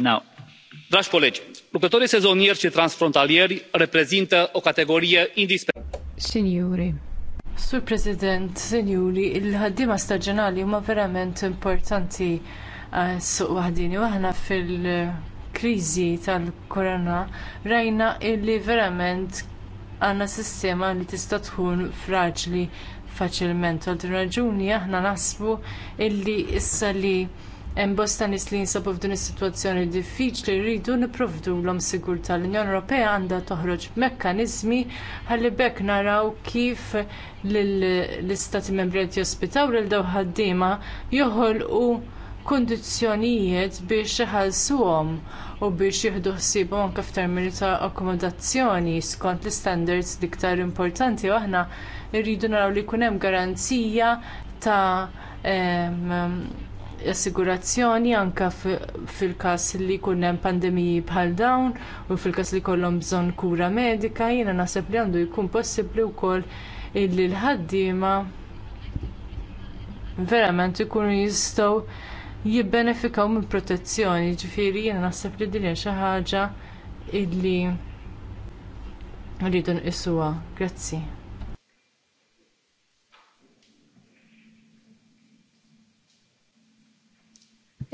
now. dragi colegi lucrătorii sezonieri și transfrontalieri reprezintă o categorie indispensabilă. Sur President, Sinjuri, il-ħaddima staġjonali huma verament importanti għas-suq eh, waħdini u aħna fil-kriżi tal-korona rajna illi verament għandna sistema li tista' tkun fraġli faċilment. Għal raġuni aħna nasbu illi issa li hemm bosta nies li jinsabu f'din is-sitwazzjoni diffiċli rridu nipprovdulhom sigurtà. L-Unjoni Ewropea għandha toħroġ mekkaniżmi ħalli bekk naraw kif l-istati membri qed jospitaw lil daw ħaddiema joħolqu kundizzjonijiet biex iħallsuhom u biex jieħdu ħsiebhom anke f'termini ta' akkomodazzjoni skont l-standards iktar importanti u aħna rridu naraw li jkun hemm garanzija ta' assigurazzjoni anke fil każ li jkun hemm pandemiji bħal dawn u fil każ li jkollhom bżonn kura medika jiena naħseb li għandu jkun possibbli wkoll illi l-ħaddiema verament ikunu jistgħu jibbenefikaw mill protezzjoni ġifieri jiena naħseb li din xi ħaġa illi rridu nqisuha. Grazzi.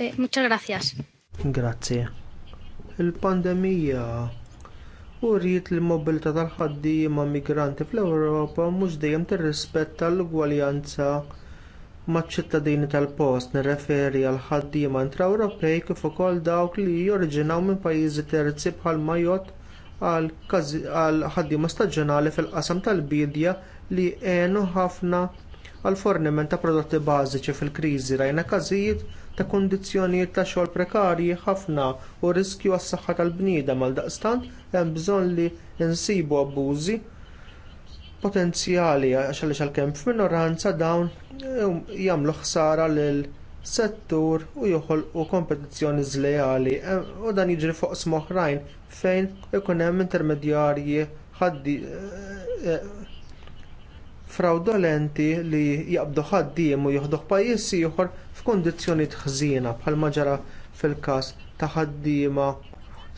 Eh, muchas gracias. Grazie. Il-pandemija u rrit li l-mobilità tal-ħaddiema migranti fl-Ewropa mhux dejjem tir-rispetta l-ugwaljanza maċ ċittadini tal-post nirreferi għal ħaddiema intra-Ewropej kif ukoll dawk li jorġinaw minn pajjiżi terzi bħal Majot għal ħaddima staġjonali fil-qasam tal-bidja li għenu ħafna għal forniment ta' prodotti bażiċi fil-kriżi rajna każijiet ta' kundizzjonijiet ta' xogħol prekarji ħafna u riskju għas-saħħa tal-bniedem għaldaqstant hemm bżonn li insibu abbużi potenzjali għax għaliex għalkemm f'minoranza dawn um, jagħmlu ħsara lil settur u joħolqu kompetizzjoni żlejali u dan jiġri fuq smoħrajn fejn ikun hemm intermedjarji eh, eh, fraudolenti li jaqbdu ħaddiem u joħduh pajjiż ieħor f'kundizzjonijiet ħżiena bħalma ġara fil-każ ta' ħaddiema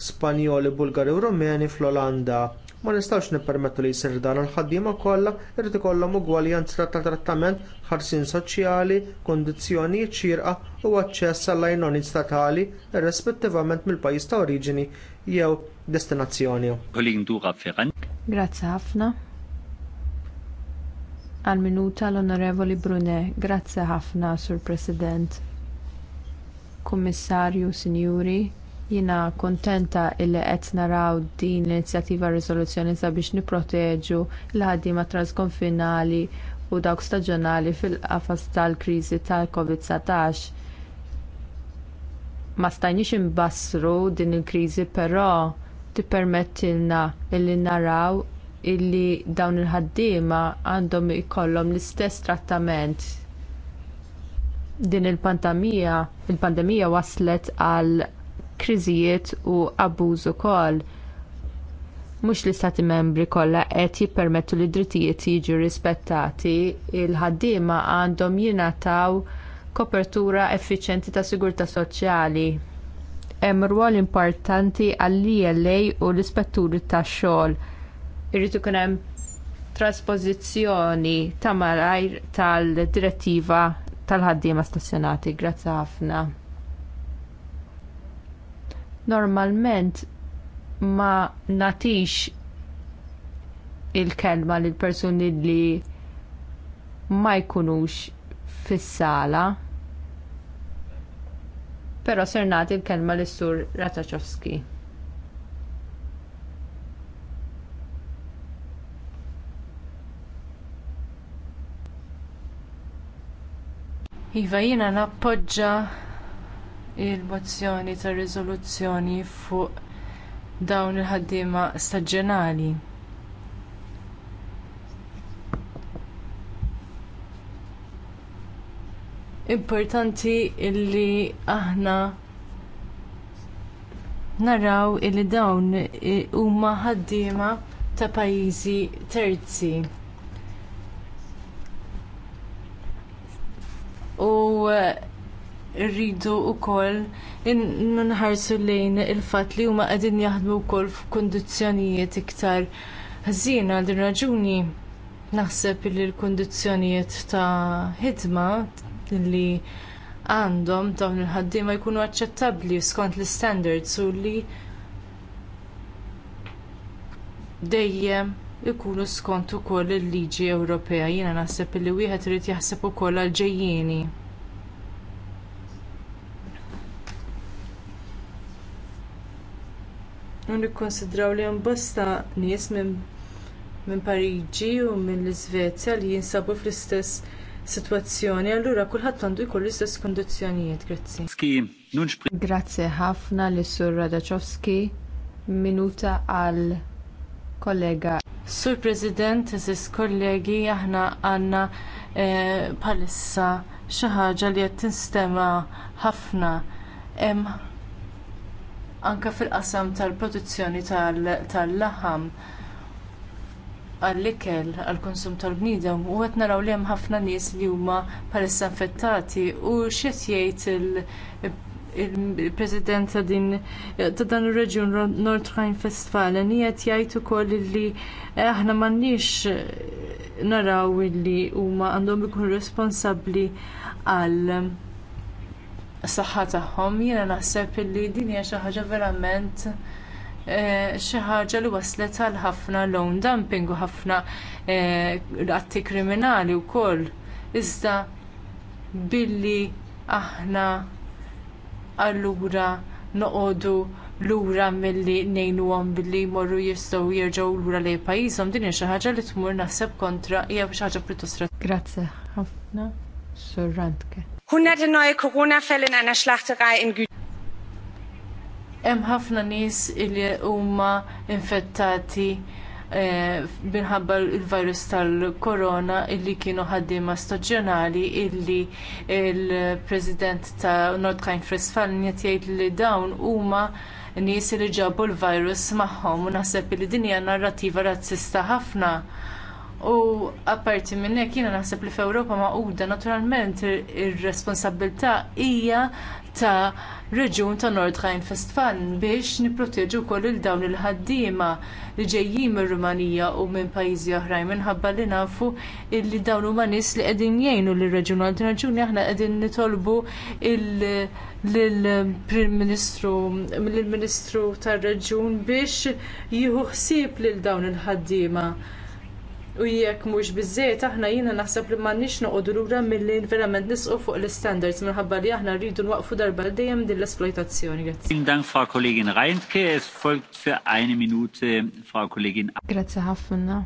Spanjoli, Bulgari u Rumeni fl-Olanda. Ma nistgħux nippermettu li jsir dan il-ħaddiema kollha irid ikollhom ugwaljanza ta' trattament ħarsien soċjali, kundizzjonijiet xierqa u aċċess għall għajnoni statali irrispettivament mill-pajjiż ta' oriġini jew destinazzjoni. Grazzi ħafna għal minuta l-Onorevoli Brunet, Grazzi ħafna, Sur President. Kummissarju, Sinjuri, jina kontenta illi qed naraw din l-inizjattiva riżoluzzjoni sabiex nipproteġu l-ħaddiema transkonfinali u dawk staġjonali fil-qafas tal-kriżi tal-COVID-19 ma stajniex imbassru din il-kriżi però tippermettilna illi naraw illi dawn il-ħaddiema għandhom ikollhom l-istess trattament din il-pandemija il-pandemija waslet għal kriżijiet u abbuż ukoll. Mhux l-istati membri kollha qed jippermettu li drittijiet jiġu rispettati, il-ħaddiema għandhom jingħataw kopertura effiċjenti ta' sigurtà soċjali. Hemm rwol importanti għall-ILA u l-ispetturi tax-xogħol Irid ikun hemm traspożizzjoni ta' malajr tal-direttiva tal-ħaddiema stazzjonati. Grazzi ħafna. Normalment ma natix il-kelma lil persuni li ma jkunux fis-sala. Però ser nagħti l kelma lis sur Rataċowski. Iva jiena nappoġġa il-mozzjoni ta' riżoluzzjoni fuq dawn il-ħaddiema staġjonali. Importanti illi aħna naraw illi dawn huma ħaddiema ta' pajjiżi terzi. u eh, rridu wkoll nħarsu lejn il fatt li huma qegħdin jaħdmu wkoll f'kundizzjonijiet iktar ħażin għal din raġuni naħseb li l-kundizzjonijiet ta' ħidma li għandhom dawn il-ħaddiema jkunu aċċettabbli skont l istandards u li dejjem ikunu skont ukoll il-liġi Ewropea. Jiena naħseb li wieħed irid jaħseb ukoll għal ġejjieni. U nikkonsidraw li hemm bosta nies minn Pariġi u iżvezja li jinsabu fl-istess allura kulħadd għandu jkun l-istess kondizzjonijiet grazzi. Grazzi ħafna li sur Radaċowski, minuta għal kollega Sur President, eżis kollegi, aħna għandna bħalissa eh, xi ħaġa li qed tinstema ħafna anke fil-qasam tal-produzzjoni tal-laħam għall-ikel għall-konsum tal-bniedem u qed naraw li hemm ħafna nies li huma palissa infettati u x'qed jgħid il-President ta' din ta' dan ir-reġjun Nord Rhine-Westfalen qed jgħid ukoll li aħna m'għandniex eh, naraw illi huma għandhom ikunu responsabbli għal eh, saħħa tagħhom. Jiena naħseb illi din hija xi ħaġa verament eh, xi ħaġa li waslet għal ħafna loan dumping u ħafna atti kriminali wkoll. Iżda billi aħna allura noqogħdu lura milli ngħinuhom billi jmorru jistgħu jerġgħu lura lejn pajjiżhom din hija xi ħaġa li tmur naħseb kontra hija xi ħaġa pjuttost Grazzi ħafna surrantke. Randke. Hunderte noj corona fell in einer Schlachterei in Gütersloh. Hemm ħafna nies li huma infettati Eh, minħabba il-virus tal-korona illi kienu ħaddiema staġjonali illi il-president ta' Nordkajn Frisfalnia jgħid li dawn huma nies li ġabu l-virus magħhom u naħseb li din hija narrattiva razzista ħafna U apparti minn hekk jiena naħseb li f'Ewropa maquda naturalment ir-responsabilità hija ta' reġun ta' Nordrhein Westfalen biex nipproteġu wkoll il dawn il-ħaddiema li ġejjin mir rumanija u minn pajjiżi oħrajn minħabba li nafu li dawn huma nies li qegħdin jgħinu lir reġun għal din raġuni aħna qegħdin nitolbu lill-Prim Ministru lill-Ministru tar-Reġun biex jieħu ħsieb lil dawn il-ħaddiema. U jekk mhux biżżejjed aħna jiena naħseb li m'għandniex noqogħdu lura mill-lejl verament nisqu fuq l istandards minħabba li aħna rridu nwaqfu darba dejjem din l-esploitazzjoni. Grazzi. Grazzi ħafna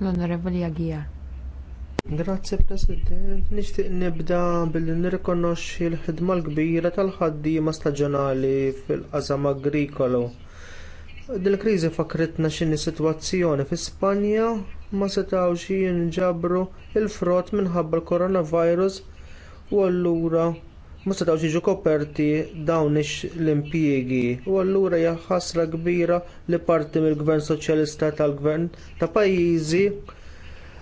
l-Onorevoli Aguiar. Grazzi President, nixtieq nibda billi nirrikonoxxi l-ħidma l-kbira tal-ħaddiema staġjonali fil-qasam agrikolo Dil-kriżi fakritna x'inhi sitwazzjoni fi Spanja ma setgħux jinġabru il-frott minħabba l-coronavirus u allura ma setgħux jiġu koperti dawn l-impjiegi u allura hija kbira li parti mill-Gvern Soċjalista tal-Gvern ta' pajjiżi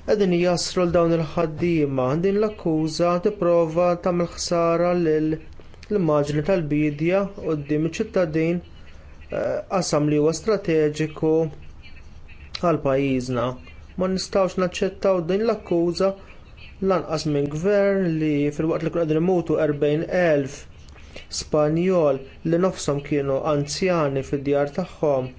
qegħdin jasru l dawn il-ħaddiema. Din l-akkuża tipprova tagħmel ħsara lill immaġni tal-bidja quddiem iċ-ċittadin Eh, qasam li huwa strateġiku għal pajjiżna. Ma nistgħux naċċettaw din l-akkuża lanqas minn gvern li filwaqt li kienu qegħdin imutu 40,000 Spanjol li nofshom kienu anzjani fid-djar tagħhom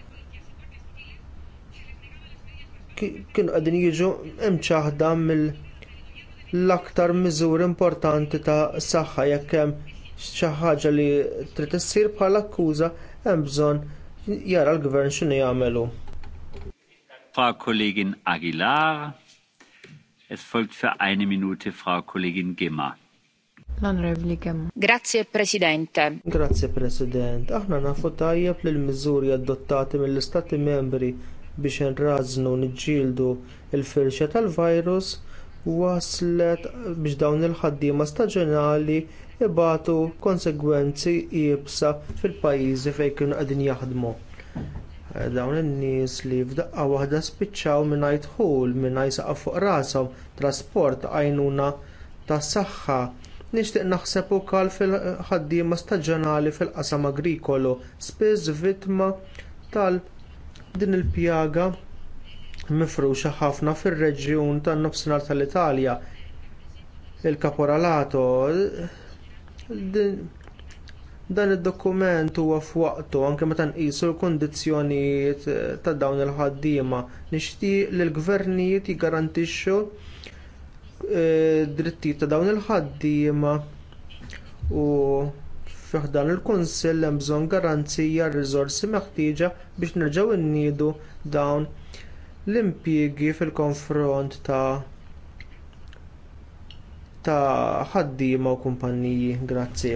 kienu qegħdin jiġu imċaħda mill-aktar miżur importanti ta' saħħa jekk hemm xi ħaġa li trid issir bħala akkuża hemm bżonn jara l-gvern x'inhu jagħmlu. Frau Kollegin Aguilar, es folgt für eine Minute Frau Kollegin Gemma. l Gemma. Grazie Presidente. Grazie President. Aħna nafu tajjeb li l-miżuri adottati mill-Istati membri biex nraznu niġġieldu l firxa tal-virus waslet biex dawn il-ħaddiema staġjonali ibatu konsegwenzi jibsa fil-pajjiżi fejn kienu qegħdin jaħdmu. Eh, dawn in-nies li f'daqqa waħda spiċċaw mingħajr dħul mingħajr saqaf fuq rashom, trasport, għajnuna tas saħħa. Nixtieq naħseb ukoll fil-ħaddiema staġjonali fil-qasam agrikolu, spiss vittma tal din il-pjaga mifruxa ħafna fir-reġjun tan-nofsinhar tal-Italja il-kaporalato Dan id-dokument huwa f'waqtu anke meta nqisu l-kundizzjonijiet eh, ta' dawn il-ħaddiema nixtieq li l-gvernijiet jiggarantixxu eh, drittijiet ta' dawn il-ħaddiema u fiħdan il-Kunsill hemm bżonn garanzija r-riżorsi meħtieġa biex nerġgħu nniedu dawn l-impjiegi fil-konfront ta' ta' ħaddiema u kumpanniji. Grazzi.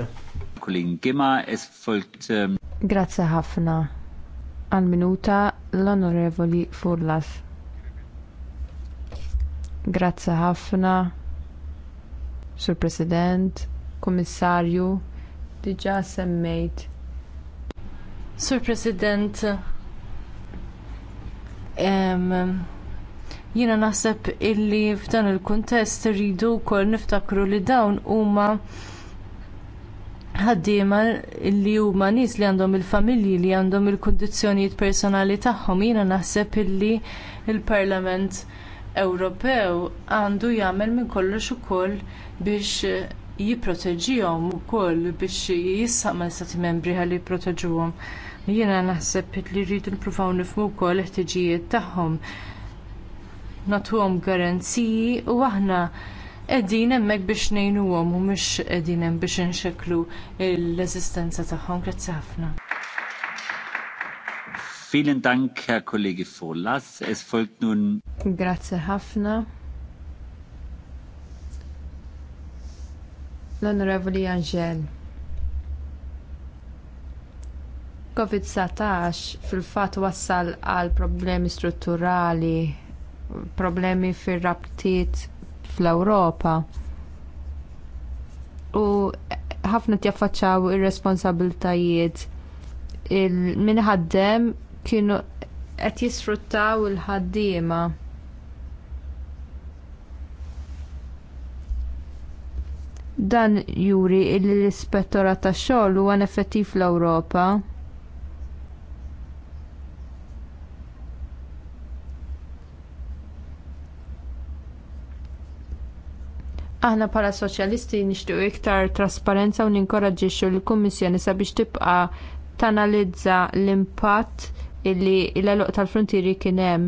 Kulin kima esfolt. Ehm, Grazzi ħafna. Għal minuta l-Onorevoli Furlas. Grazzi ħafna. Sur President, Kommissarju, diġa semmejt. Sur President, ehm, Jiena naħseb illi f'dan il-kuntest irridu wkoll niftakru li dawn huma ħaddiema li huma nies li għandhom il-familji li għandhom il-kundizzjonijiet personali tagħhom. Jiena naħseb illi l il parlament Ewropew għandu jagħmel minn kollox ukoll biex jipproteġihom ukoll biex jissaq mal stati membri ħalli jipproteġuhom. Jiena naħseb li rridu nippruvaw nifhmu wkoll il-ħtiġijiet tagħhom natuhom garanziji u aħna qegħdin hemmhekk biex ngħinuhom u mhux qegħdin hemm biex inxeklu l-eżistenza tagħhom. Grazzi ħafna. Vielen Dank, Herr Kollege Follas. Es folgt nun. Grazie ħafna. L'Onorevoli Angel. COVID-19 fil-fat wassal għal problemi strutturali problemi fir-rabtiet fl-Ewropa. U ħafna tjaffaċċaw ir-responsabiltajiet il-minħaddem kienu qed jisfruttaw il-ħaddiema. Dan juri l-ispettorat tax-xogħol huwa effettiv fl-Ewropa. Aħna bħala soċjalisti nixtiequ iktar trasparenza u ninkoraġġixxu l-Kummissjoni sabiex tibqa' tanalizza l-impatt illi l-eluq tal-frontieri kien hemm.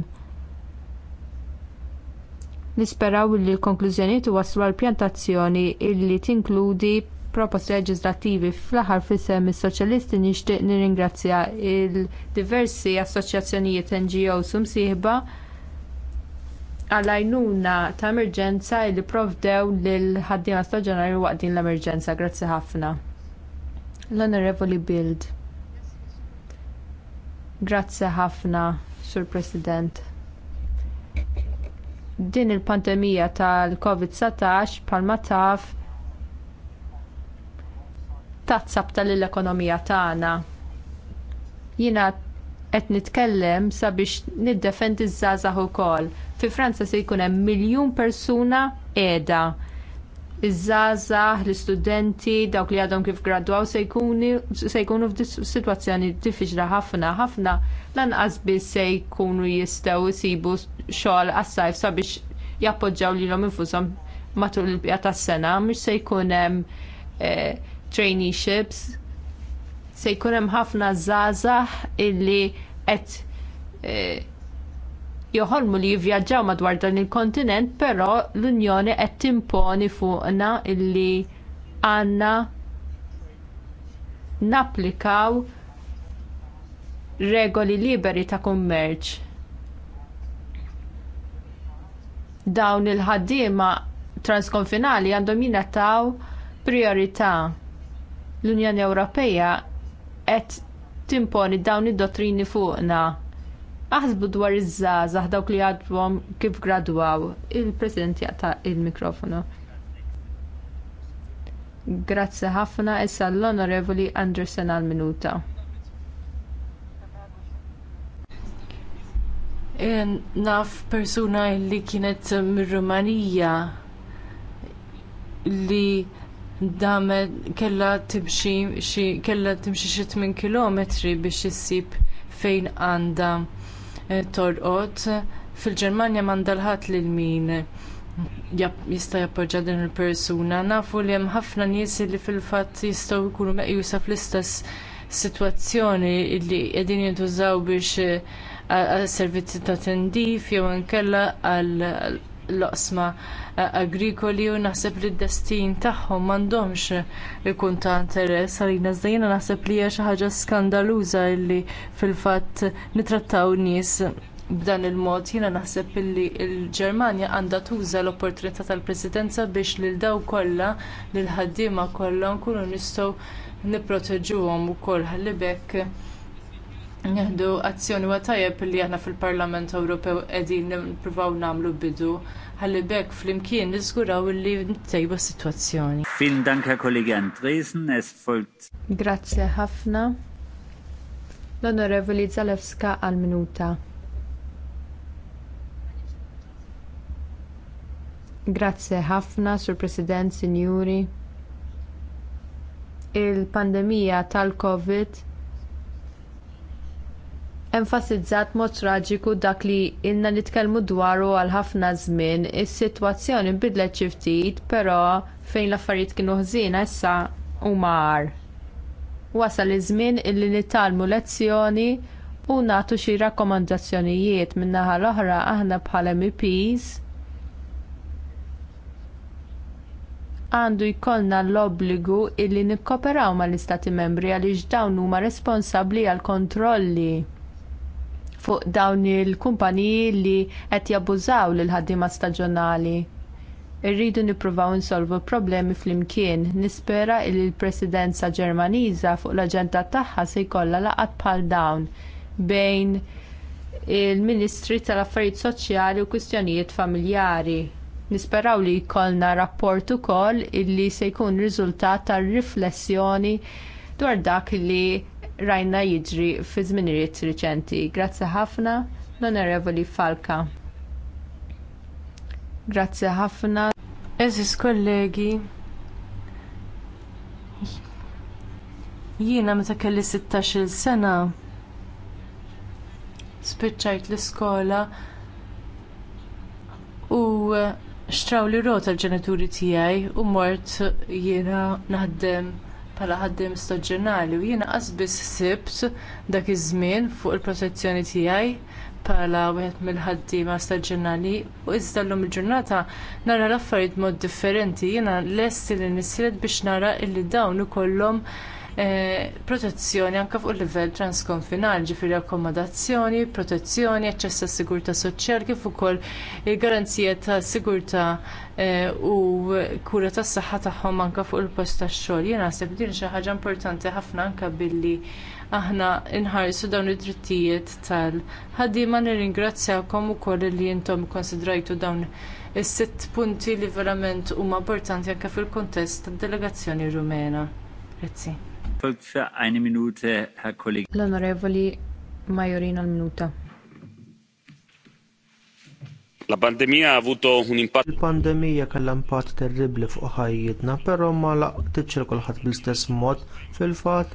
Nisperaw li l-konklużjonijiet waslu għal pjantazzjoni illi tinkludi proposti leġislattivi fl-aħħar fisem is-soċjalisti nixtieq nirringrazzja l diversi assoċjazzjonijiet NGO u msieħba għal-għajnuna ta' emerġenza li provdew lil ħaddima staġjonari waqt din l-emerġenza. Grazzi ħafna. L-Onorevoli Bild. Grazzi ħafna, Sur President. Din il-pandemija tal-COVID-19 palma taf tazzabta lill-ekonomija tagħna. Jiena qed nitkellem sabiex niddefendi ż-żgħażagħ ukoll Fi Franza se jkun hemm miljun persuna qiegħda. Iż-żgħażagħ, l-istudenti, dawk li għadhom kif gradwaw se jkunu f'sitwazzjoni diffiċli ħafna ħafna lanqas biss se jkunu jistgħu jsibu xogħol għas-sajf sabiex jappoġġaw lilhom infushom matul il-bqija tas-sena mhux se jkun hemm eh, traineeships se jkun hemm ħafna żgħażagħ illi qed eh, joħolmu li jivvjaġġaw madwar dan il-kontinent, però l-Unjoni qed timponi fuqna illi għandna napplikaw regoli liberi ta' kummerċ. Dawn il-ħaddiema transkonfinali għandhom jingħataw priorità. L-Unjoni Ewropea qed timponi dawn id-dottrini fuqna Aħsbu dwar iż-żgħażagħ dawk li għadhom kif gradwaw. Il-President jaqta' il-mikrofonu. Grazzi ħafna issa l-Onorevoli Anderson għal minuta. Eh, naf persuna li kienet mir-Rumanija li damet kella timxi xi kella timxi xi 8 kilometri biex issib fejn għandha Eh, torqod fil-Ġermanja mandalħat lil min jista' jappoġġja din il-persuna. Nafu li hemm ħafna nies li fil-fatt jistgħu jkunu meqjusa fl-istess sitwazzjoni li qegħdin jintużaw biex għal eh, servizzi ta' tendif jew inkella għal l-oqsma eh, agrikoli u naħseb li d-destin tagħhom m'għandhomx ikun ta' interess għalina żdejjena naħseb li hija xi ħaġa skandaluża li fil-fatt nitrattaw nies b'dan il-mod jiena naħseb illi l-Ġermanja għandha tuża l-opportunità tal-Presidenza biex lil daw kollha lil ħaddiema kollha nkunu nistgħu nipproteġuhom ukoll ħalli bekk Nihdu azzjoni wa tajjeb li aħna fil-Parlament Ewropew qegħdin nippruvaw nagħmlu bidu ħalli bekk flimkien niżguraw li ntejba s-sitwazzjoni. Vielen Dank, Herr Kollege Andresen. Es folgt. Grazie ħafna. L-Onorevoli Zalewska għal-minuta. Grazzi ħafna, Sur President, Sinjuri. Il-pandemija tal-Covid enfasizzat mod traġiku dak li ilna nitkellmu dwaru għal ħafna żmien, is-sitwazzjoni bidlet xi ftit, però fejn l-affarijiet kienu ħżiena issa huma għar. Wasal iż-żmien illi nitalmu lezzjoni u nagħtu xi rakkomandazzjonijiet min-naħa l-oħra aħna bħala MPs għandu jkollna l-obbligu illi nikkoperaw mal istati membri għaliex dawn huma responsabbli għall kontrolli fuq dawn il-kumpaniji li qed jabbużaw lil ħaddiema staġjonali. Irridu nippruvaw insolvu problemi flimkien. Nispera li l-Presidenza Ġermaniża fuq l-aġenda tagħha se jkollha laqgħat bħal dawn bejn il-Ministri tal-Affarijiet Soċjali u Kwistjonijiet Familjari. Nisperaw li jkollna rapport ukoll illi se jkun riżultat tar-riflessjoni dwar dak li rajna jiġri fi żminijiet riċenti. Grazzi ħafna l-Onorevoli Falka. Grazzi ħafna. Eżis kollegi, jiena meta kelli 16-il sena spiċċajt l-iskola u xtraw li rota l-ġenituri tiegħi u mort jiena naħdem bħala ħaddiem staġjonali u jiena qasbis sibt dak iż-żmien fuq il-protezzjoni tiegħi bħala wieħed mill-ħaddiema staġjonali u iżda llum il-ġurnata nara l-affarijiet mod differenti jiena lesti li nisred biex nara illi dawn ikollhom Eh, protezzjoni anke fuq il-livell transkonfinali, ġifieri akkomodazzjoni, protezzjoni, aċċess għas sigurtà soċjali kif ukoll il-garanzija ta' sigurtà eh, u kura tas saħħa tagħhom anke fuq il-post tax-xogħol. Jien naħseb din xi ħaġa importanti ħafna anke billi aħna nħarsu dawn id-drittijiet tal-ħaddiema nirringrazzjakom ukoll li intom konsidrajtu dawn is-sitt punti li verament huma importanti anke fil-kuntest tad-delegazzjoni rumena. Grazzi. L-Onorevoli Majorina l-minuta. La pandemija ha avuto un impatt. Il-pandemija kellha impatt terribli fuq ħajjitna, però ma laqtitx il kulħadd bl-istess mod fil-fatt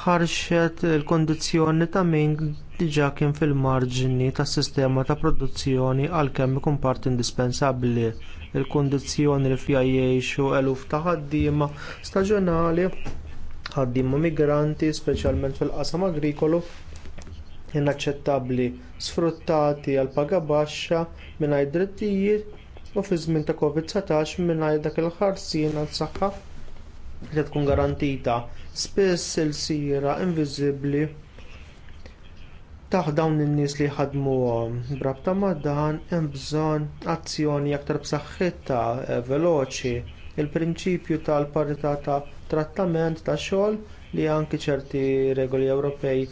ħarxet il-kondizzjoni ta' min diġà kien fil-marġini tas sistema ta' produzzjoni għalkemm ikun parti indispensabbli il kundizzjoni li fija jgħixu eluf ta' ħaddiema staġjonali ħaddiema migranti, speċjalment fil-qasam agrikolu, inaċċettabbli sfruttati għal paga baxxa mingħajr drittijiet u fi żmien ta' COVID-19 mingħajr dak il-ħarsien għal saħħa li tkun garantita spiss il-sira inviżibbli taħ dawn in-nies li ħadmu brabta ma' dan hemm bżonn azzjoni aktar b'saħħitha eh, veloċi il-prinċipju tal-parità ta' trattament tax xogħol li anki ċerti regoli Ewropej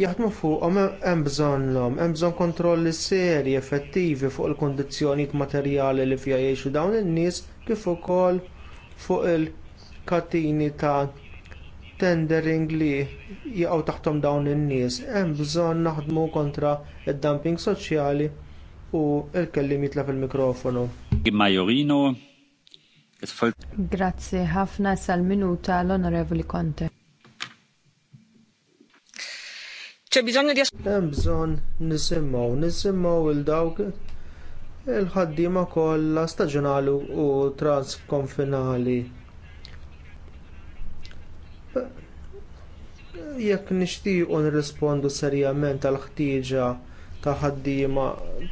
jaħdmu fuqhom hemm bżonnhom, hemm bżonn kontrolli serji effettivi fuq il-kundizzjonijiet materjali li fiha jgħixu dawn in-nies kif ukoll fuq il-katini ta' tendering li jaqgħu taħtom dawn in-nies, hemm bżonn naħdmu kontra d dumping soċjali u l-kellim jitlef il-mikrofonu. Majorino, Grazzi ħafna sal-minuta l-Onorevoli Conte. ċe bżonju di Hemm bżonn nisimgħu, nisimgħu il dawk il-ħaddiema kollha staġjonali u transkonfinali. Jekk nixtiequ nirrispondu serjament għal ħtieġa ta' ħaddiema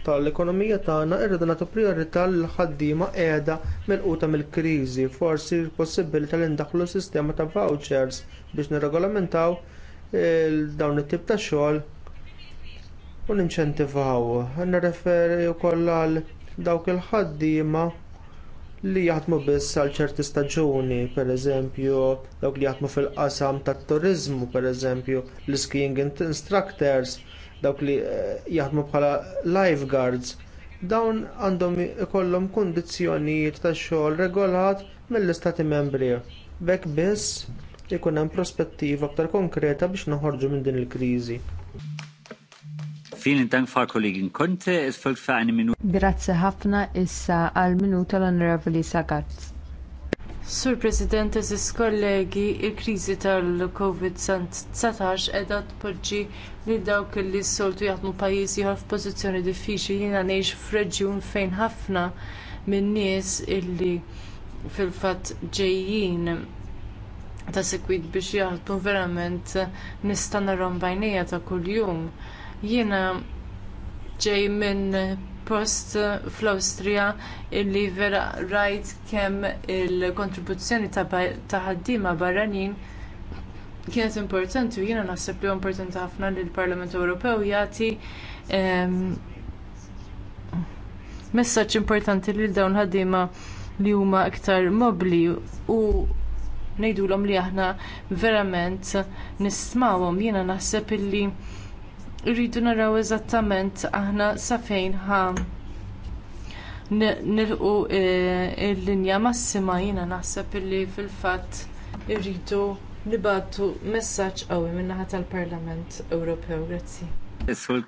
tal-ekonomija tagħna irridu nagħtu prijorità lil ħaddiema qiegħda melquta mill-kriżi. Forsi l-possibilità li ndaħħlu sistema ta' vouchers biex nirregolamentaw dawn it-tip ta' xogħol u ninċentivaw. Nirreferi wkoll għal dawk il-ħaddiema li jaħdmu biss għal ċerti staġuni, pereżempju dawk li jaħdmu fil-qasam tat turiżmu pereżempju l-skiing instructors, dawk li eh, jaħdmu bħala lifeguards, dawn għandhom ikollhom kundizzjonijiet tax xogħol regolat mill-istati membri. B'hekk biss ikun hemm prospettiva aktar konkreta biex noħorġu minn din il-kriżi. Vielen Dank, Frau Kollegin Conte, Es folgt für eine Minute. Grazie ħafna issa għal minuta l-Onorevoli Sagatz. Sur President, eżis kollegi, il-kriżi tal-COVID-19 qiegħda tpoġġi lil dawk li s-soltu jaħdmu pajjiż ieħor f'pożizzjoni diffiċli jiena ngħix f'reġjun fejn ħafna minn nies illi fil-fatt ġejjin ta' sekwit biex jaħdmu verament nista' narhom bajnejja ta' kuljum. Jiena ġej minn post eh, fl-Awstrija illi vera rajt kemm il-kontribuzzjoni ta' ħaddiema barranin kienet importanti u jiena naħseb li importanti ħafna li l-Parlament Ewropew jagħti ehm, messaġġ importanti lil dawn ħaddiema li huma iktar mobbli u ngħidulhom li aħna verament nismawhom jiena naħseb illi Irridu naraw eżattament aħna sa fejn ħa nilqu e, il-linja massima jiena naħseb illi fil-fatt irridu nibatu messaġġ qawwi min-naħa tal-Parlament Ewropew. Grazzi.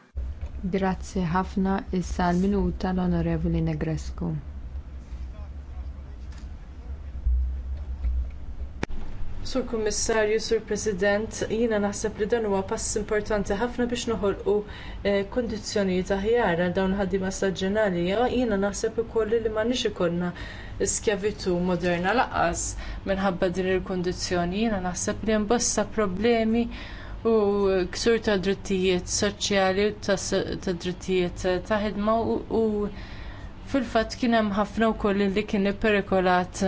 Grazzi ħafna issa l-minuta l-Onorevoli Negrescu. Sur Kummissarju, Sur President, jiena naħseb li dan huwa pass importanti ħafna biex noħolqu eh, kundizzjonijiet aħjar għal dawn ħaddiema staġjonali. Jiena naħseb ukoll li m'għandniex ikollna skjavitu moderna laqas minħabba din il-kundizzjoni. Jiena naħseb li mbossa problemi u ksur ta' drittijiet soċjali u ta' drittijiet ta' ħidma u Fil-fatt kien hemm ħafna wkoll li kien perikolat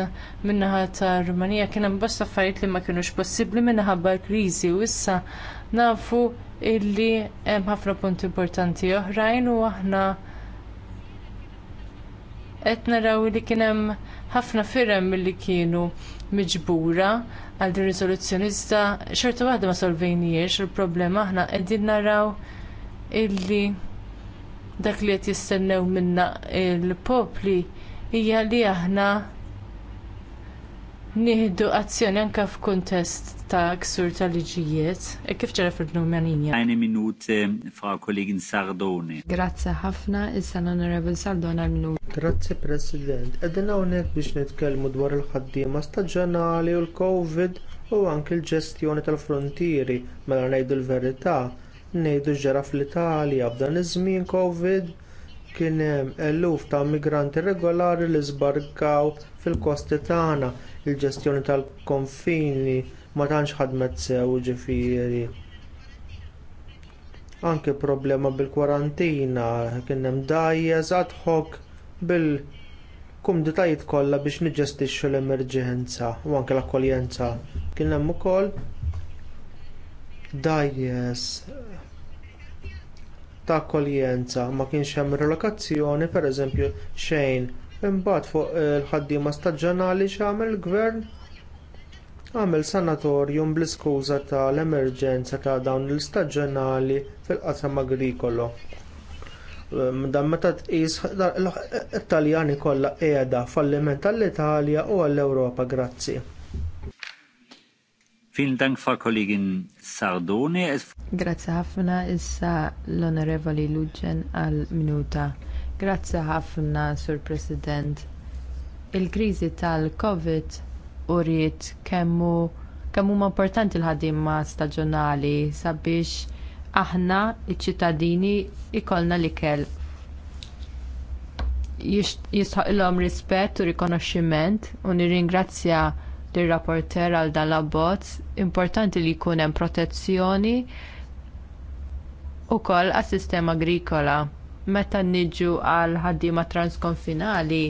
min-naħa tar Rumanija kien hemm bosta affarijiet li ma kinux possibbli minħabba l-kriżi u issa nafu illi hemm ħafna punti importanti oħrajn u aħna qed naraw li kien hemm ħafna firem milli kienu miġbura għal din riżoluzzjoni iżda xorta waħda ma solvejniex il-problema aħna qegħdin naraw illi dak li qed jistennew minna l popli hija li aħna nieħdu azzjoni anke f'kuntest ta' ksur ta' liġijiet. E kif ġara fil-Numanija? Għajni minut fra' kollegin Sardone. Grazzi ħafna, issa l-Onorevole Sardone għal minu Grazzi President. Edina hawnhekk biex nitkellmu dwar il-ħaddiema staġjonali u l-Covid u anke l-ġestjoni tal-frontieri mela ngħidu l-verità ngħidu ġera fl-Italja f'dan iż-żmien Covid kien hemm eluf ta' migranti regolari li żbarkaw fil-kosti tagħna. Il-ġestjoni tal-konfini ma tantx ħadmet sew ġifieri. Anke problema bil-kwarantina kien hemm dajjeż ad hoc bil- kumditajiet kollha biex niġġestixxu l-emerġenza u anke l-akkoljenza. Kien hemm ukoll dajjes ta' akkoljenza ma kienx hemm relokazzjoni pereżempju xejn. Imbagħad fuq il-ħaddiema staġjonali x'għamel il-gvern għamel sanatorium bl-iskuża tal-emerġenza ta' dawn l-istaġjonali fil-qasam agrikolo. Dan meta tqis l-Italjani kollha qiegħda falliment tal-Italja u għall-Ewropa grazzi. Vielen Dank, Frau Kollegin Sardone. Grazie ħafna issa l-Onorevoli Luġen għal minuta. Grazie ħafna, Sur President. Il-kriżi tal-COVID uriet kemmu kemm huma importanti l-ħaddiema staġjonali sabiex aħna iċ-ċittadini ikollna l-ikel jistħaq rispett u rikonoxximent u nirringrazzja lir-rapporter għal dan l-abbozz, importanti li jkun hemm protezzjoni ukoll għas-sistema agrikola. Meta niġu għal ħaddiema transkonfinali,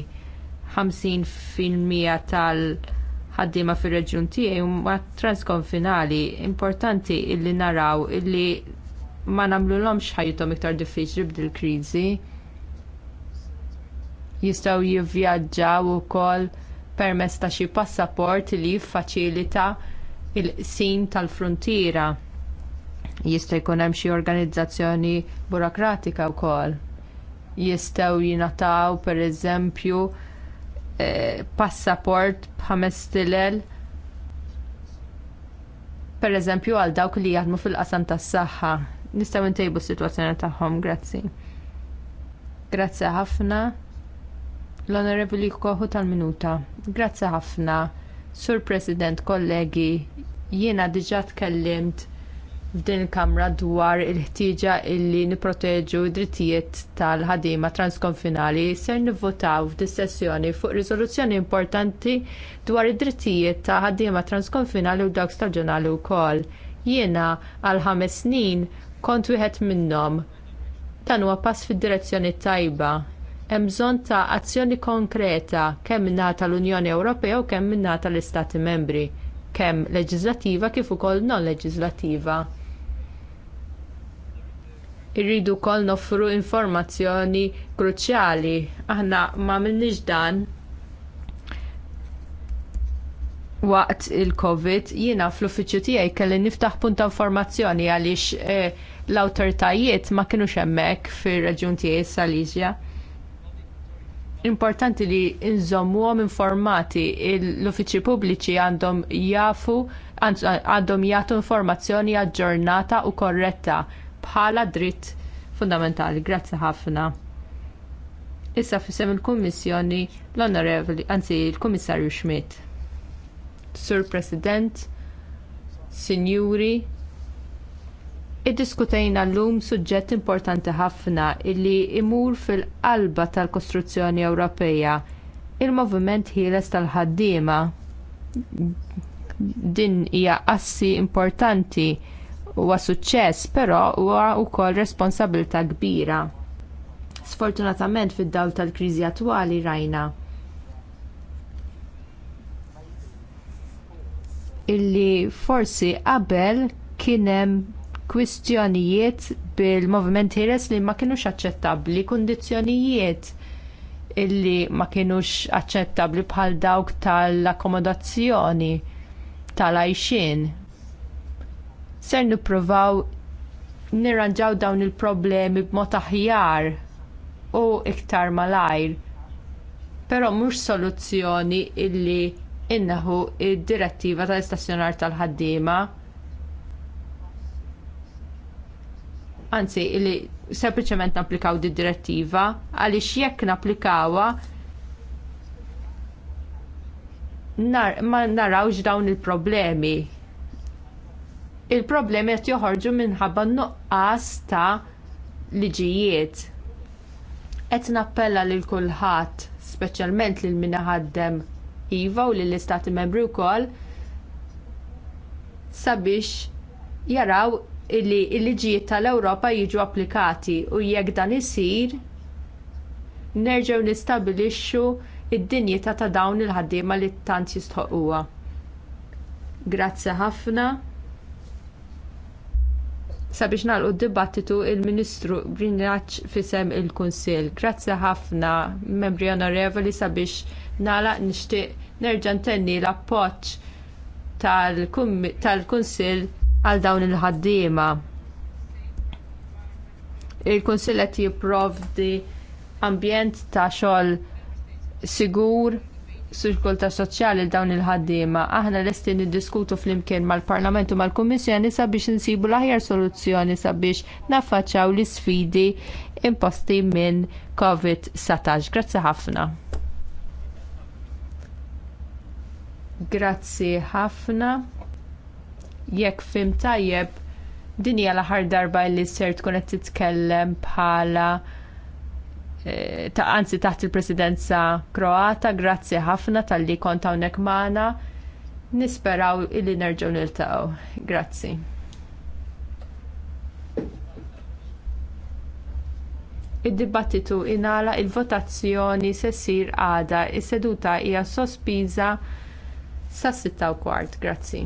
50% tal-ħaddiema fir-reġjun tiegħi huma transkonfinali, importanti illi naraw illi ma nagħmluhomx ħajjithom iktar diffiċli b'dil kriżi jistgħu jivvjaġġaw ukoll permezz ta' xi passaport li jiffaċilita l qsim tal-frontiera. Jista' jkun hemm xi organizzazzjoni burokratika wkoll. Jistgħu jingħataw pereżempju eh, passaport b'ħames tilel pereżempju għal dawk li jaħdmu fil-qasam tas-saħħa. Nistgħu ntejbu s-sitwazzjoni tagħhom, grazzi. Grazzi ħafna. L-Onorevoli Kohu tal-Minuta. Grazzi ħafna, Sur President, kollegi, jiena diġà tkellimt f'din il-kamra dwar il-ħtieġa illi nipproteġu d-drittijiet tal-ħadima transkonfinali ser nivvotaw f'dis-sessjoni fuq riżoluzzjoni importanti dwar id-drittijiet ta' ħaddiema transkonfinali u dawk staġjonali wkoll. Jiena għal ħames snin kont wieħed minnhom dan huwa pass fid-direzzjoni tajba hemm bżonn ta' azzjoni konkreta kemm nata l unjoni Ewropea u kemm nata tal-Istati Membri, kemm leġislattiva kif ukoll non leġiżlattiva. Irridu wkoll noffru informazzjoni kruċjali. Aħna ma minnix dan waqt il-Covid jiena fl-uffiċċju tiegħi kelli niftaħ punt ta' informazzjoni għaliex eh, l-awtoritajiet ma kinux hemmhekk fir-reġjun tiegħi Salisja importanti li nżommuhom informati l-uffiċċji pubbliċi għandhom jafu għandhom jagħtu informazzjoni aġġornata u korretta bħala dritt fundamentali. Grazzi ħafna. Issa fisem il-Kummissjoni l-Onorevoli, anzi il-Kummissarju Schmidt. Sur President, Sinjuri, Iddiskutejna llum suġġett importanti ħafna illi imur fil-qalba tal-kostruzzjoni Ewropea il-moviment ħieles tal-ħaddiema. Din hija assi importanti huwa suċċess, però huwa wkoll responsabilità kbira. Sfortunatament fid-dawl tal-kriżi attwali rajna illi forsi qabel kien hemm kwistjonijiet bil-moviment ħieles li ma kinux aċċettabbli, kundizzjonijiet illi ma kinux aċċettabbli bħal dawk tal-akkomodazzjoni tal-għajxin. Ser nippruvaw nirranġaw dawn il-problemi b'mod aħjar u iktar malajr, però mhux soluzzjoni illi innaħu id-direttiva tal-istazzjonar tal-ħaddiema. tal istazzjonar tal ħaddiema anzi li sempliċement napplikaw di direttiva għaliex jekk napplikawha nar, ma narawx dawn il-problemi. Il-problemi qed joħorġu minħabba nuqqas ta' liġijiet. Qed nappella lil kulħadd, speċjalment lil min ħaddem iva u lill istati membri wkoll sabiex jaraw illi l-liġijiet tal-Ewropa jiġu applikati u jekk dan isir nerġgħu nistabilixxu id-dinjità ta' dawn il-ħaddiema li tant jistħoquha. Grazzi ħafna. Sabiex nagħlqu d-dibattitu il-Ministru Brinjaċ fisem il-Kunsill. Grazzi ħafna, membri onorevoli sabiex nagħlaq nixtieq nerġa' ntenni l-appoġġ tal-Kunsill tal kunsill għal dawn il-ħaddiema. Il-Kunsill qed jipprovdi ambjent ta' xogħol sigur sikurta soċjali dawn il-ħaddiema. Aħna lesti niddiskutu flimkien mal-Parlament u mal-Kummissjoni sabiex insibu l-aħjar soluzzjoni sabiex naffaċċaw l isfidi imposti minn COVID-19. Grazzi ħafna. Grazzi ħafna jekk fim tajjeb din hija l-aħħar darba li ser tkun qed titkellem bħala eh, ta' anzi taħt il-presidenza Kroata, grazzi ħafna tal-li kont hawnhekk magħna. Nisperaw illi nerġgħu niltaqgħu. Grazzi. id-dibattitu ingħalaq il-votazzjoni se ssir għada is-seduta hija sospiża sas kwart, Grazzi.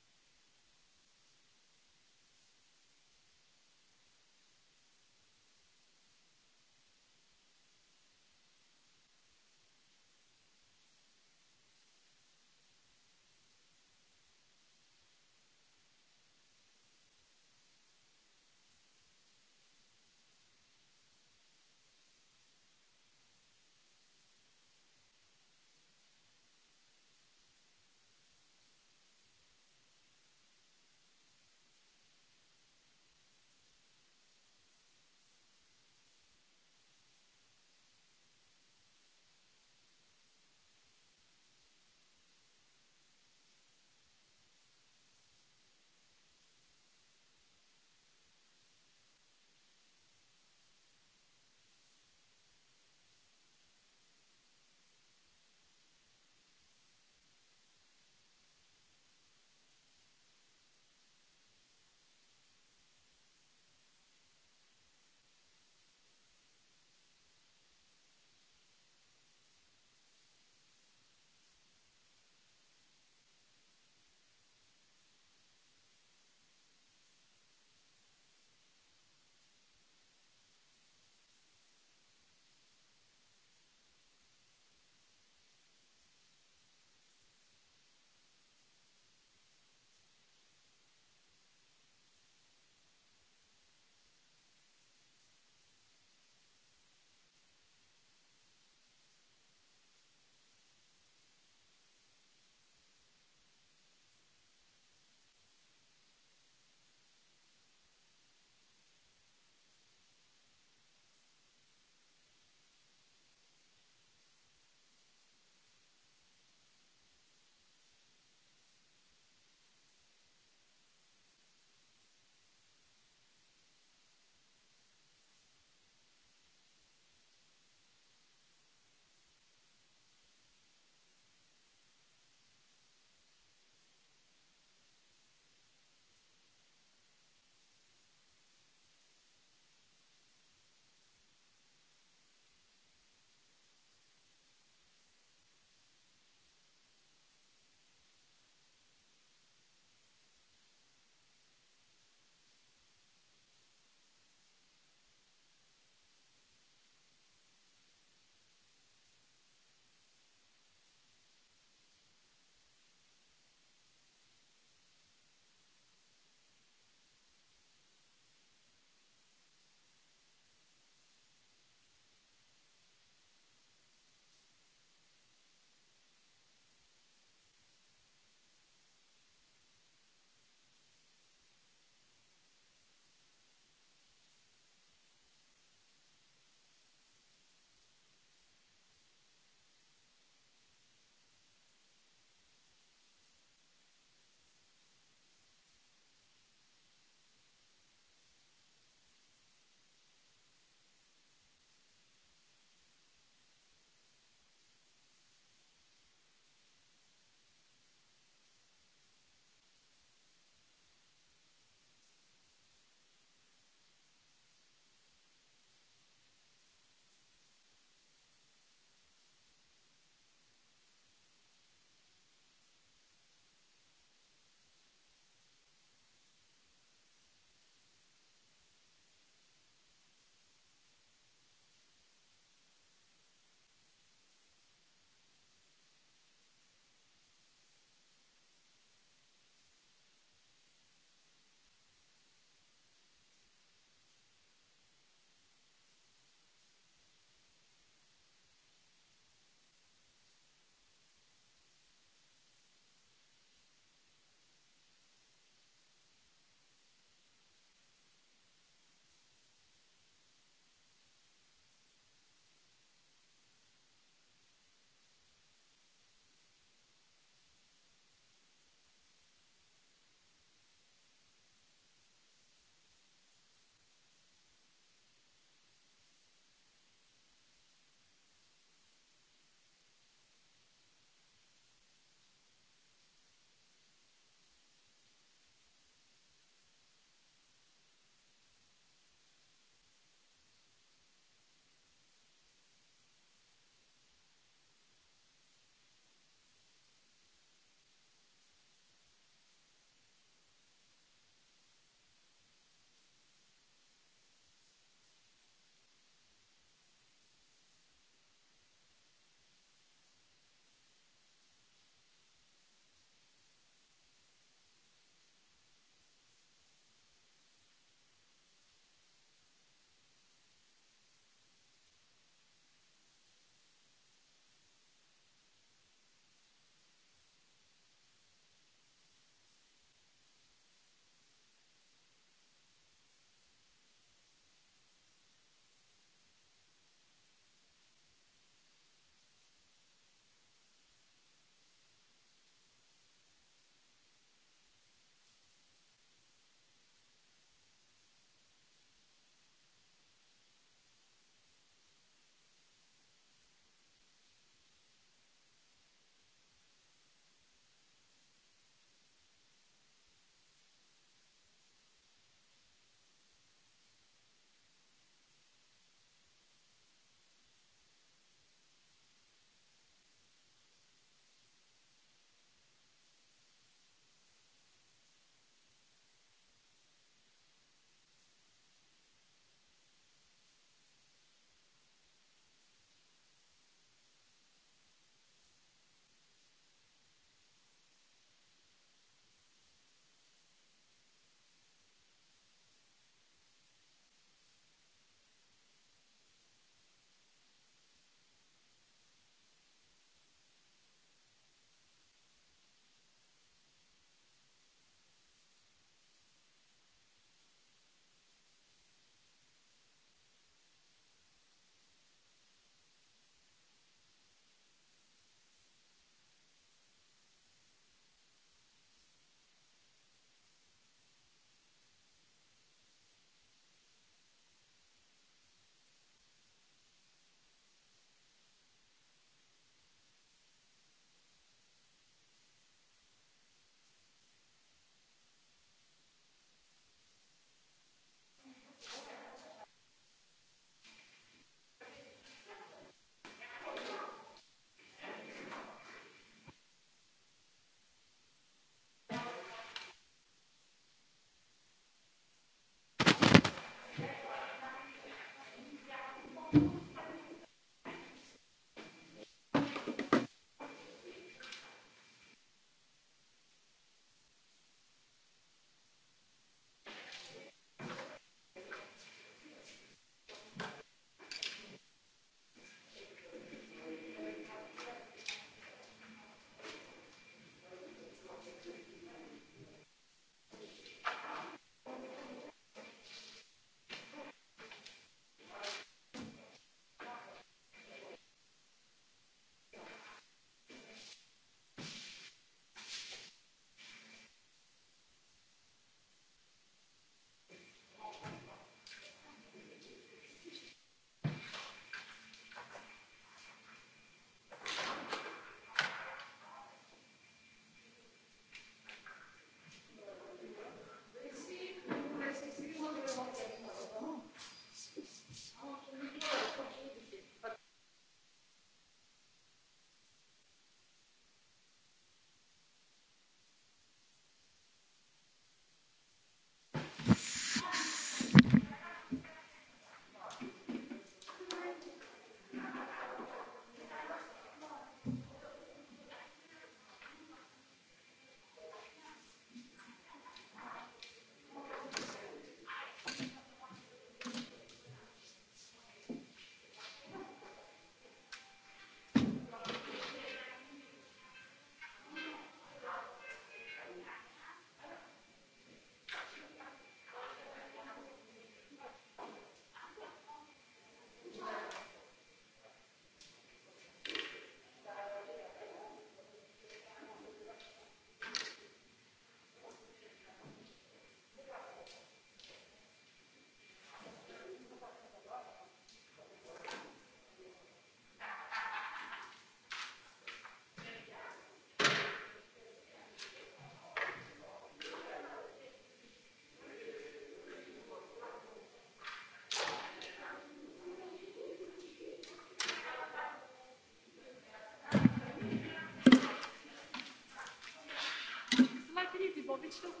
Bobić letra.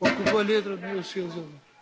kupa liedra? Kupa liedra,